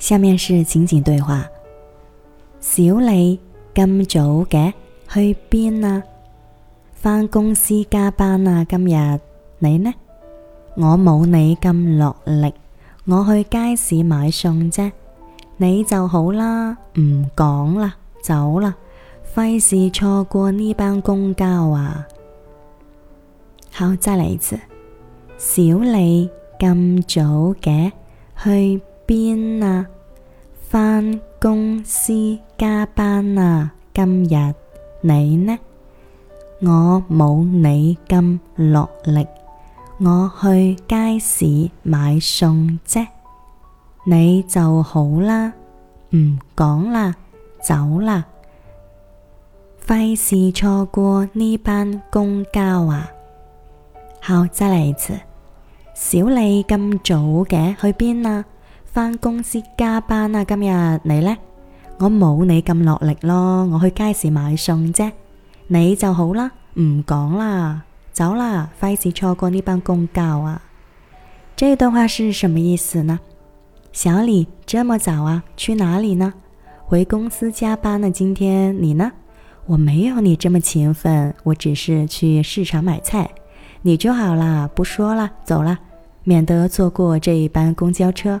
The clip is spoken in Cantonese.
下面是情景對話：小李，咁早嘅去邊啊？返公司加班啊？今日你呢？我冇你咁落力，我去街市買餸啫。你就好啦，唔講啦，走啦，費事錯過呢班公交啊！好，再嚟一次。小李，咁早嘅去？邊啊？返公司加班啊！今日你呢？我冇你咁落力，我去街市買餸啫。你就好啦，唔講啦，走啦，費事錯過呢班公交啊！好，再嚟一次，小李咁早嘅去邊啊？返公司加班啊！今日你呢？我冇你咁落力咯。我去街市買餸啫，你就好啦，唔講啦，走啦，費事錯過呢班公交啊！這段話是什麼意思呢？小李這麼早啊，去哪裏呢？回公司加班啊？今天你呢？我沒有你這麼勤奮，我只是去市場買菜。你就好啦，不說啦，走啦，免得錯過這一班公交車。